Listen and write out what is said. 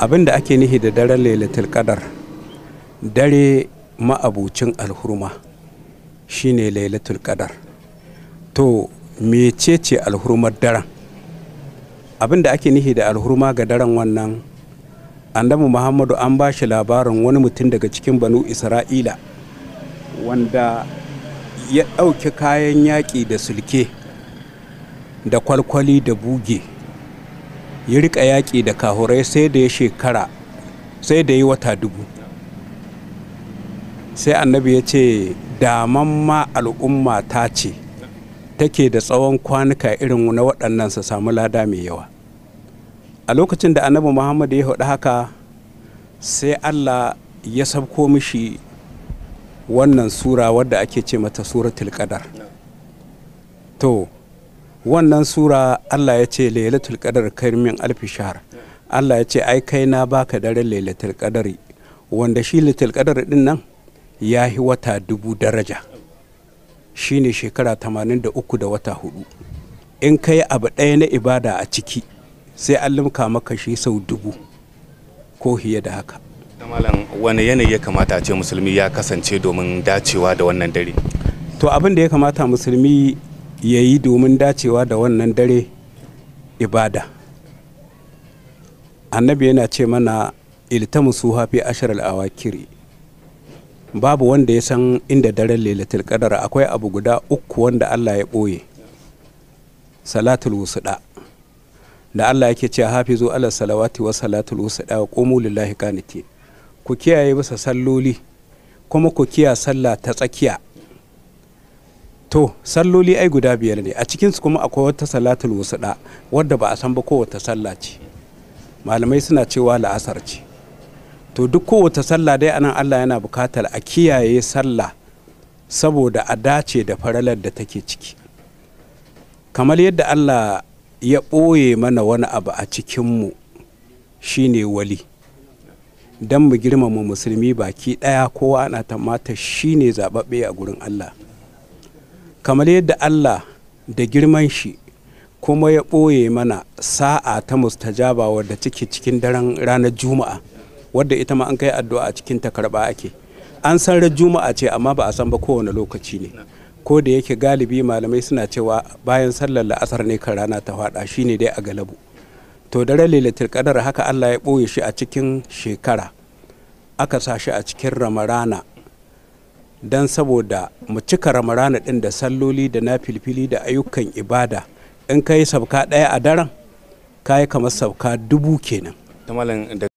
abin da ake nihi da daren lailatul qadar dare ma'abucin alhurma shine lailatul qadar to mecece alhurmar daren abin da ake nihi da alhurma ga daren wannan annabi muhammadu an ba shi labarin wani mutum daga cikin banu isra'ila wanda ya ɗauki kayan yaƙi da sulke da kwalkwali da buge ya riƙa yaƙi da kahurai sai da ya shekara sai da yi wata dubu sai annabi ya ce daman ma al'umma ta ce take da tsawon kwanuka irin na waɗannan su samu lada mai yawa a lokacin da annabi muhammadu ya haɗu haka sai allah ya sabko mishi wannan sura wadda ake ce mata suratul qadar to wannan sura Allah ya ce lailatul qadar karmin alfi shahar Allah ya ce ai kai na baka daren lailatul qadari wanda shi lailatul qadar din nan ya yi wata dubu daraja shine shekara 83 da wata hudu in kai abu ɗaya na ibada a ciki sai an limka maka shi sau dubu ko hiye da haka malam wani yanayi ya kamata a ce musulmi ya kasance domin dacewa da wannan dare to abin da ya kamata musulmi ya yi domin dacewa da wannan dare ibada annabi yana ce mana iltamusu hafi ashar al'awakiri babu wanda ya san inda daren lailatul qadar akwai abu guda uku wanda Allah ya ɓoye salatul wusuɗa da Allah yake ce hafizu ala salawati wa salatul wusuɗa wa qumu lillahi ku kiyaye bisa salloli kuma ku kiya sallah ta tsakiya to salloli ai guda biyar ne a cikinsu kuma akwai wata salatul wusuɗa wadda ba a san ba kowace sallah ce malamai suna cewa la'asar ce to duk kowace sallah dai anan allah yana bukatar a kiyaye sallah saboda a dace da faralar da take ciki kamar yadda allah ya ɓoye mana wani abu a cikinmu shine wali don mu girmama musulmi baki ɗaya kowa ana tamata shine zaɓaɓɓe a gurin allah kamar yadda allah da girman shi kuma ya ɓoye mana sa'a ta mustajaba wadda ciki cikin daren ranar juma'a wadda ita ma an kai addu'a a cikin takarba ake an san ran juma'a ce amma ba a san ba kowane lokaci ne ko da yake galibi malamai suna cewa bayan sallar la'asar ne kan rana ta faɗa ne dai a galabu to da lailatul qadar haka Allah ya ɓoye shi a cikin shekara aka sa shi a cikin ramarana don saboda mu cika ramarana ɗin da salloli da na filfili da ayyukan ibada in ka yi sabka ɗaya a daren ka yi kamar sabka dubu kenan.